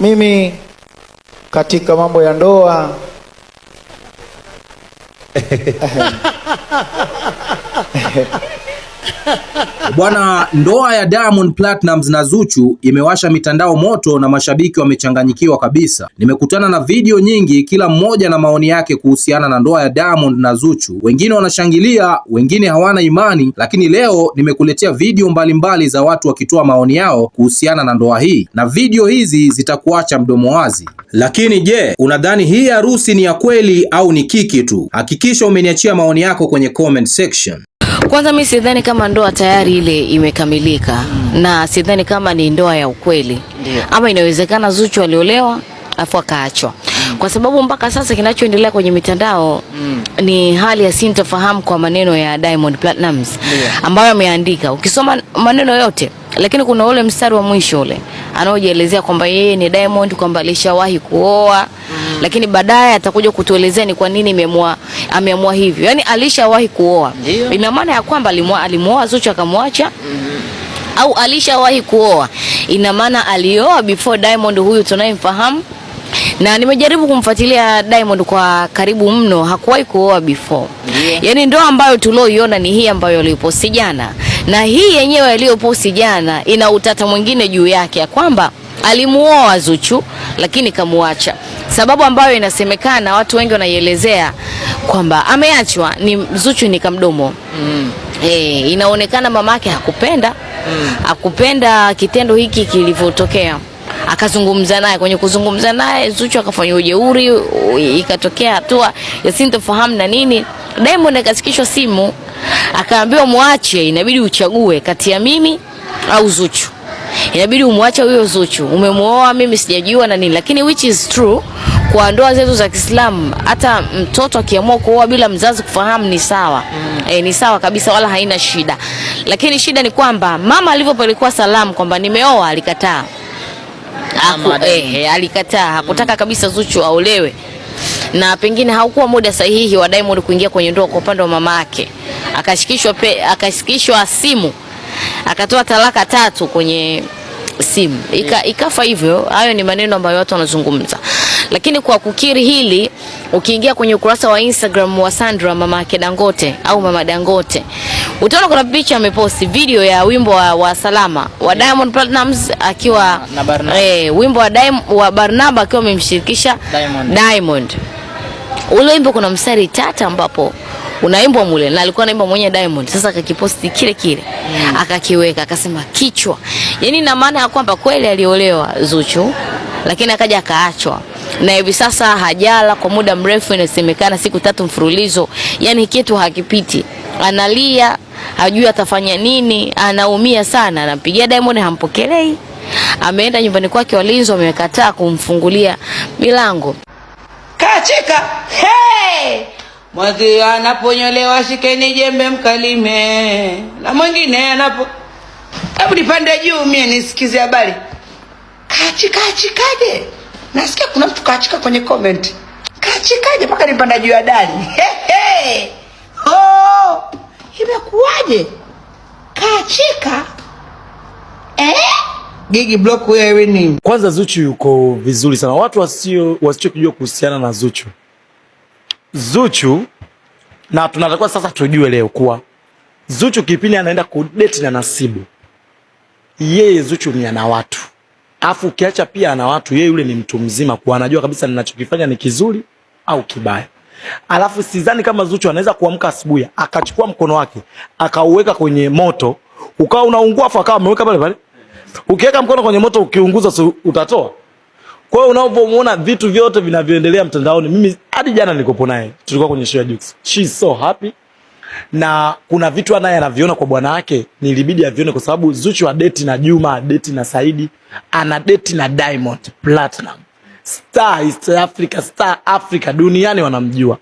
Mimi katika mambo ya ndoa Bwana, ndoa ya Diamond Platnumz na Zuchu imewasha mitandao moto na mashabiki wamechanganyikiwa kabisa. Nimekutana na video nyingi, kila mmoja na maoni yake kuhusiana na ndoa ya Diamond na Zuchu. Wengine wanashangilia, wengine hawana imani, lakini leo nimekuletea video mbalimbali mbali za watu wakitoa maoni yao kuhusiana na ndoa hii, na video hizi zitakuacha mdomo wazi. Lakini je, unadhani hii harusi ni ya kweli au ni kiki tu? Hakikisha umeniachia maoni yako kwenye comment section. Kwanza mi sidhani kama ndoa tayari ile imekamilika mm. na sidhani kama ni ndoa ya ukweli yeah. ama inawezekana Zuchu aliolewa afu akaachwa mm. kwa sababu mpaka sasa kinachoendelea kwenye mitandao mm. ni hali ya sintofahamu kwa maneno ya Diamond Platnumz yeah. ambayo ameandika. Ukisoma maneno yote, lakini kuna ule mstari wa mwisho ule anaojielezea kwamba yeye ni Diamond, kwamba alishawahi kuoa lakini baadaye atakuja kutuelezea ni kwa nini ameamua hivyo. Yani alishawahi kuoa, ina maana ya kwamba alimwoa Zuchu akamwacha mhm. au alishawahi kuoa, ina maana alioa before Diamond huyu tunayemfahamu. Na nimejaribu kumfuatilia Diamond kwa karibu mno, hakuwahi kuoa before yeah. Yani ndoa ambayo tulioiona ni hii ambayo aliposti jana, na hii yenyewe aliyoposti jana ina utata mwingine juu yake ya kwamba alimuoa Zuchu lakini kamuacha. Sababu ambayo inasemekana watu wengi wanaielezea kwamba ameachwa ni Zuchu ni kamdomo. Mm. E, inaonekana mamake hakupenda mm. hakupenda kitendo hiki kilivyotokea akazungumza naye. Kwenye kuzungumza naye Zuchu akafanya ujeuri, ikatokea hatua ya sintofahamu na nini. Diamond akasikishwa simu, akaambiwa mwache, inabidi uchague kati ya mimi au Zuchu inabidi umwache huyo Zuchu, umemwoa mimi sijajua na nini, lakini which is true kwa ndoa zetu za Kiislamu hata mtoto akiamua kuoa bila mzazi kufahamu ni sawa mm. E, ni sawa kabisa, wala haina shida, lakini shida ni kwamba mama alivyopelekwa salamu kwamba nimeoa, alikataa Aku, eh, alikataa hakutaka mm. kabisa Zuchu aolewe, na pengine haukuwa muda sahihi wa Diamond kuingia kwenye ndoa kwa upande wa mama yake, akashikishwa akashikishwa simu akatoa talaka tatu kwenye simu Ika, ikafa hivyo. Hayo ni maneno ambayo watu wanazungumza, lakini kwa kukiri hili, ukiingia kwenye ukurasa wa Instagram wa Sandra mama yake Dangote au mama Dangote, utaona kuna picha ameposti video ya wimbo wa, wa Salama wa Diamond Platnumz akiwa eh, wimbo wa Diamond wa Barnaba akiwa amemshirikisha Diamond. Diamond ule wimbo kuna mstari tata ambapo unaimbwa mule, na alikuwa anaimba mwenye Diamond. Sasa akakiposti kile kile mm. akakiweka akasema kichwa, yani na maana ya kwamba kweli aliolewa Zuchu, lakini akaja akaachwa na hivi sasa hajala kwa muda mrefu, inasemekana siku tatu mfululizo, yani kitu hakipiti, analia hajui atafanya nini, anaumia sana, anampigia Diamond hampokelei. Ameenda nyumbani kwake, walinzi wamekataa kumfungulia milango, kachika hey! Mwazi anaponyolewa shikeni jembe mkalime, na mwingine anapo. Hebu nipande juu mie nisikize habari. Kachikachi kaje? Nasikia kuna mtu kachika kwenye comment. Kachikaje mpaka nipanda juu ya dani? Hehe. Oh, imekuwaje? Kachika eh? Gigi block wewe nini? Kwanza Zuchu yuko vizuri sana. Watu wasio wasichokijua kuhusiana na Zuchu Zuchu na tunatakiwa sasa tujue leo kuwa Zuchu kipindi anaenda kudeti na Nasibu, yeye Zuchu ni ana watu, afu ukiacha pia ana watu, yeye yule ni mtu mzima, kwa anajua kabisa ninachokifanya ni kizuri au kibaya. Alafu sidhani kama Zuchu anaweza kuamka asubuhi akachukua mkono wake akauweka kwenye moto ukawa unaungua, afu akawa ameweka pale pale. Ukiweka mkono kwenye moto ukiunguza, utatoa kwa hiyo unapomuona vitu vyote vinavyoendelea mtandaoni, mimi hadi jana nilikopo naye tulikuwa kwenye show ya Jux. She is so happy. Na kuna vitu anaye anaviona kwa bwana wake, nilibidi avione kwa sababu Zuchu adeti na Juma, adeti na Saidi, ana deti na Diamond Platinum. Star East Africa, Star Africa duniani wanamjua.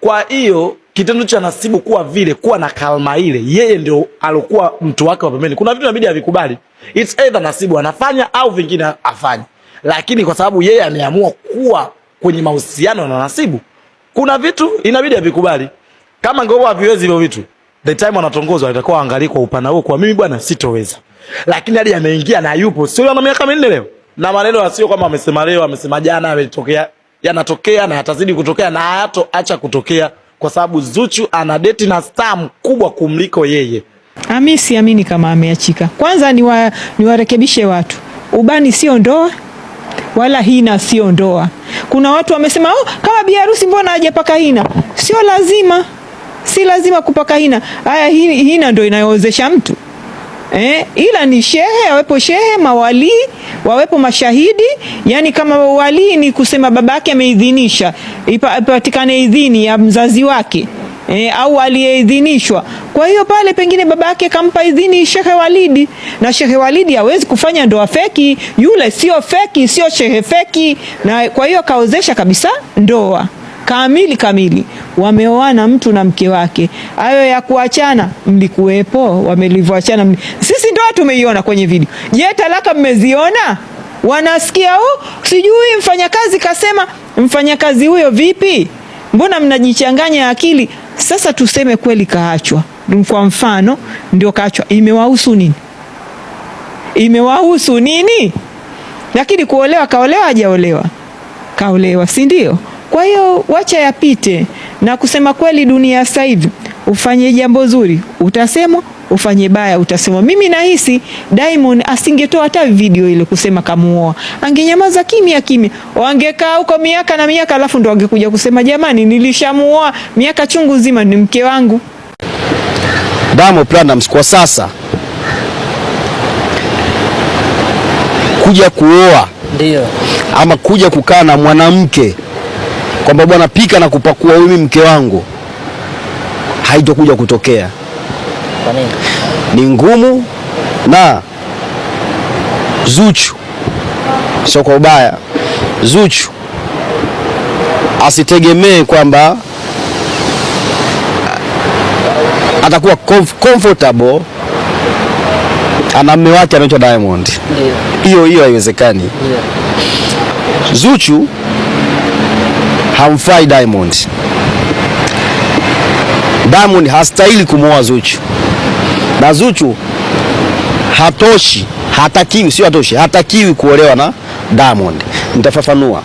Kwa hiyo kitendo cha Nasibu kuwa vile kuwa na kalma ile, yeye ndio alokuwa mtu wake wa pembeni. Kuna vitu inabidi avikubali. It's either Nasibu anafanya au vingine afanye lakini kwa sababu yeye ameamua kuwa kwenye mahusiano na Nasibu, kuna vitu inabidi avikubali. Kama Ngoma haviwezi hivyo vitu, the time anatongozwa atakuwa angalia kwa upana huo, kwa mimi bwana sitoweza. Lakini hadi ameingia na yupo, sio ana miaka minne leo, na maneno yasio kama amesema leo, amesema jana, ametokea yanatokea na yatazidi kutokea na hayato acha kutokea, kwa sababu Zuchu ana deti na star mkubwa kumliko yeye. Ami siamini kama ameachika. Kwanza niwarekebishe wa, ni warekebishe watu, ubani sio ndoa wala hina sio ndoa. Kuna watu wamesema oh, kama bi harusi mbona hajapaka hina? Sio lazima, si lazima kupaka hina. Haya, hina ndio inayowezesha mtu Eh, ila ni shehe, awepo shehe, mawalii wawepo, mashahidi. Yani kama walii ni kusema babake ameidhinisha, ipatikane idhini ya mzazi wake. E, au aliyeidhinishwa. Kwa hiyo pale pengine baba yake kampa idhini Shehe Walidi, na Shehe Walidi hawezi kufanya ndoa feki, yule sio feki, sio shehe feki, na kwa hiyo kaozesha kabisa ndoa kamili kamili, wameoana mtu na mke wake. Hayo ya kuachana mlikuwepo, wamelivyoachana mli... sisi ndoa tumeiona kwenye video. Je, talaka mmeziona? Wanasikia u sijui mfanyakazi kasema. Mfanyakazi huyo vipi? Mbona mnajichanganya akili? Sasa tuseme kweli kaachwa, kwa mfano ndio kaachwa, imewahusu nini? Imewahusu nini? Lakini kuolewa, kaolewa hajaolewa? Kaolewa, si ndio? Kwa hiyo wacha yapite, na kusema kweli, dunia sasa hivi ufanye jambo zuri utasemwa ufanye baya utasema Mimi nahisi Diamond asingetoa hata video ile kusema kamuoa, angenyamaza kimya kimya, wangekaa huko miaka na miaka, alafu ndo angekuja kusema jamani, nilishamuoa miaka chungu nzima, ni mke wangu. Diamond Platnumz kwa sasa kuja kuoa ndio, ama kuja kukaa na mwanamke kwamba bwana, pika na kupakua, mimi mke wangu, haitokuja kutokea. Kwa nini? Ni ngumu na Zuchu, sio kwa ubaya, Zuchu asitegemee kwamba uh, atakuwa comfortable ana mume wake anaitwa Diamond. Hiyo hiyo haiwezekani. Zuchu hamfai Diamond. Diamond hastahili kumwoa Zuchu na Zuchu hatoshi, hatakiwi, sio hatoshi, hatakiwi kuolewa na Diamond. Nitafafanua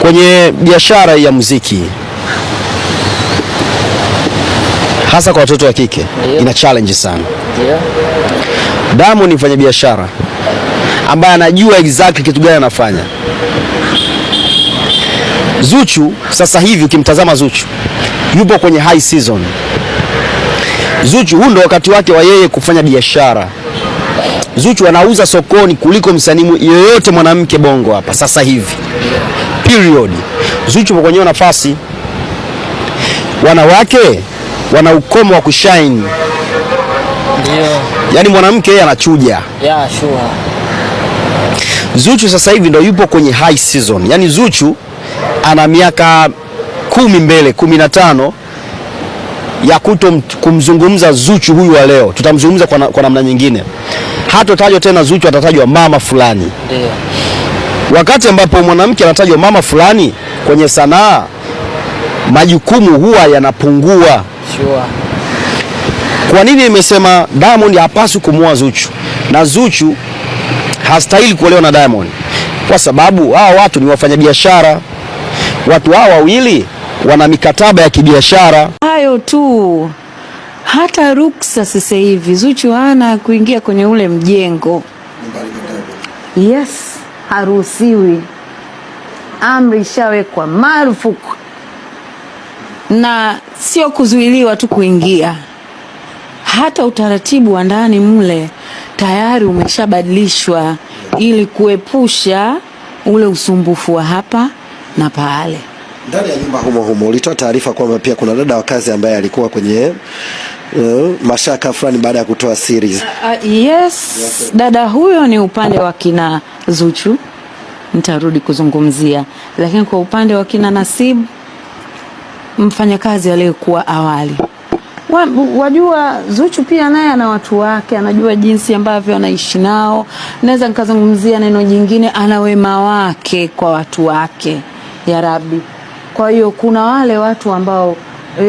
kwenye biashara ya muziki hasa kwa watoto wa kike yeah. Ina challenge sana yeah. Diamond ni mfanya biashara ambaye anajua exactly kitu gani anafanya. Zuchu sasa hivi ukimtazama Zuchu yupo kwenye high season. Zuchu, huu ndo wakati wake wa yeye kufanya biashara. Zuchu anauza sokoni kuliko msanii yoyote mwanamke bongo hapa sasa hivi period. Zuchu kwenye nafasi, wanawake wana ukomo wa kushine. Ndio. Yaani mwanamke yeye anachuja. Yeah, sure. Zuchu sasa hivi ndo yupo kwenye high season. Yaani Zuchu ana miaka kumi mbele, kumi na tano ya kuto kumzungumza Zuchu huyu wa leo, tutamzungumza kwa, na, kwa namna nyingine. Hatotajwa tena Zuchu, atatajwa mama fulani yeah. Wakati ambapo mwanamke anatajwa mama fulani kwenye sanaa, majukumu huwa yanapungua sure. Kwa nini nimesema Diamond hapaswi kumua Zuchu na Zuchu hastahili kuolewa na Diamond? Kwa sababu hawa watu ni wafanyabiashara, watu hawa wawili wana mikataba ya kibiashara. Hayo tu, hata ruksa sasa hivi Zuchu hana kuingia kwenye ule mjengo. Yes, haruhusiwi, amri ishawekwa, marufuku na sio kuzuiliwa tu kuingia, hata utaratibu wa ndani mle tayari umeshabadilishwa ili kuepusha ule usumbufu wa hapa na pale ndani ya nyumba humo humo ulitoa taarifa kwamba pia kuna dada wa kazi ambaye alikuwa kwenye uh, mashaka fulani baada ya kutoa siri. Uh, ah, uh, ah, yes, dada huyo ni upande wa kina Zuchu nitarudi kuzungumzia, lakini kwa upande wa kina Nasib, mfanyakazi aliyekuwa awali wa, wajua Zuchu pia naye ana watu wake, anajua jinsi ambavyo anaishi nao. Naweza nikazungumzia neno jingine, ana wema wake kwa watu wake. Ya Rabbi. Kwa hiyo kuna wale watu ambao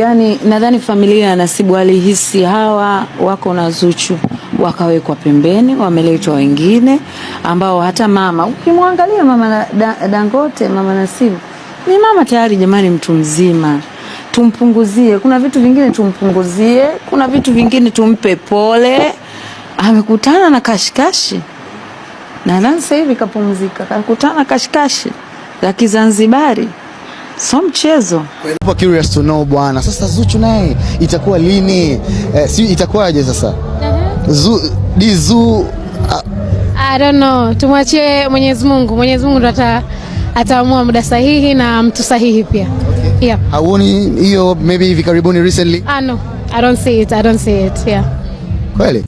yani nadhani familia ya Nasibu alihisi hawa wako na Zuchu, wakawekwa pembeni, wameletwa wengine ambao hata mama ukimwangalia mama da, Dangote mama Nasibu ni mama tayari, jamani, mtu mzima, tumpunguzie. Kuna vitu vingine tumpunguzie, kuna vitu vingine tumpe pole. Amekutana na kashikashi, nani sasa hivi kapumzika, kakutana kashikashi za Kizanzibari so mchezo. Kwa curious to know bwana. Sasa Zuchu naye itakuwa lini? Eh, si itakuwaje sasa? Uh-huh. Zu, Zu uh, I don't know. Tumwachie Mwenyezi Mungu. Mwenyezi Mungu ndo ata ataamua muda sahihi na mtu sahihi pia. Okay. Yeah. Hauoni hiyo maybe hivi karibuni recently? Ah, no. I don't see it. I don't see it. Yeah. Kweli?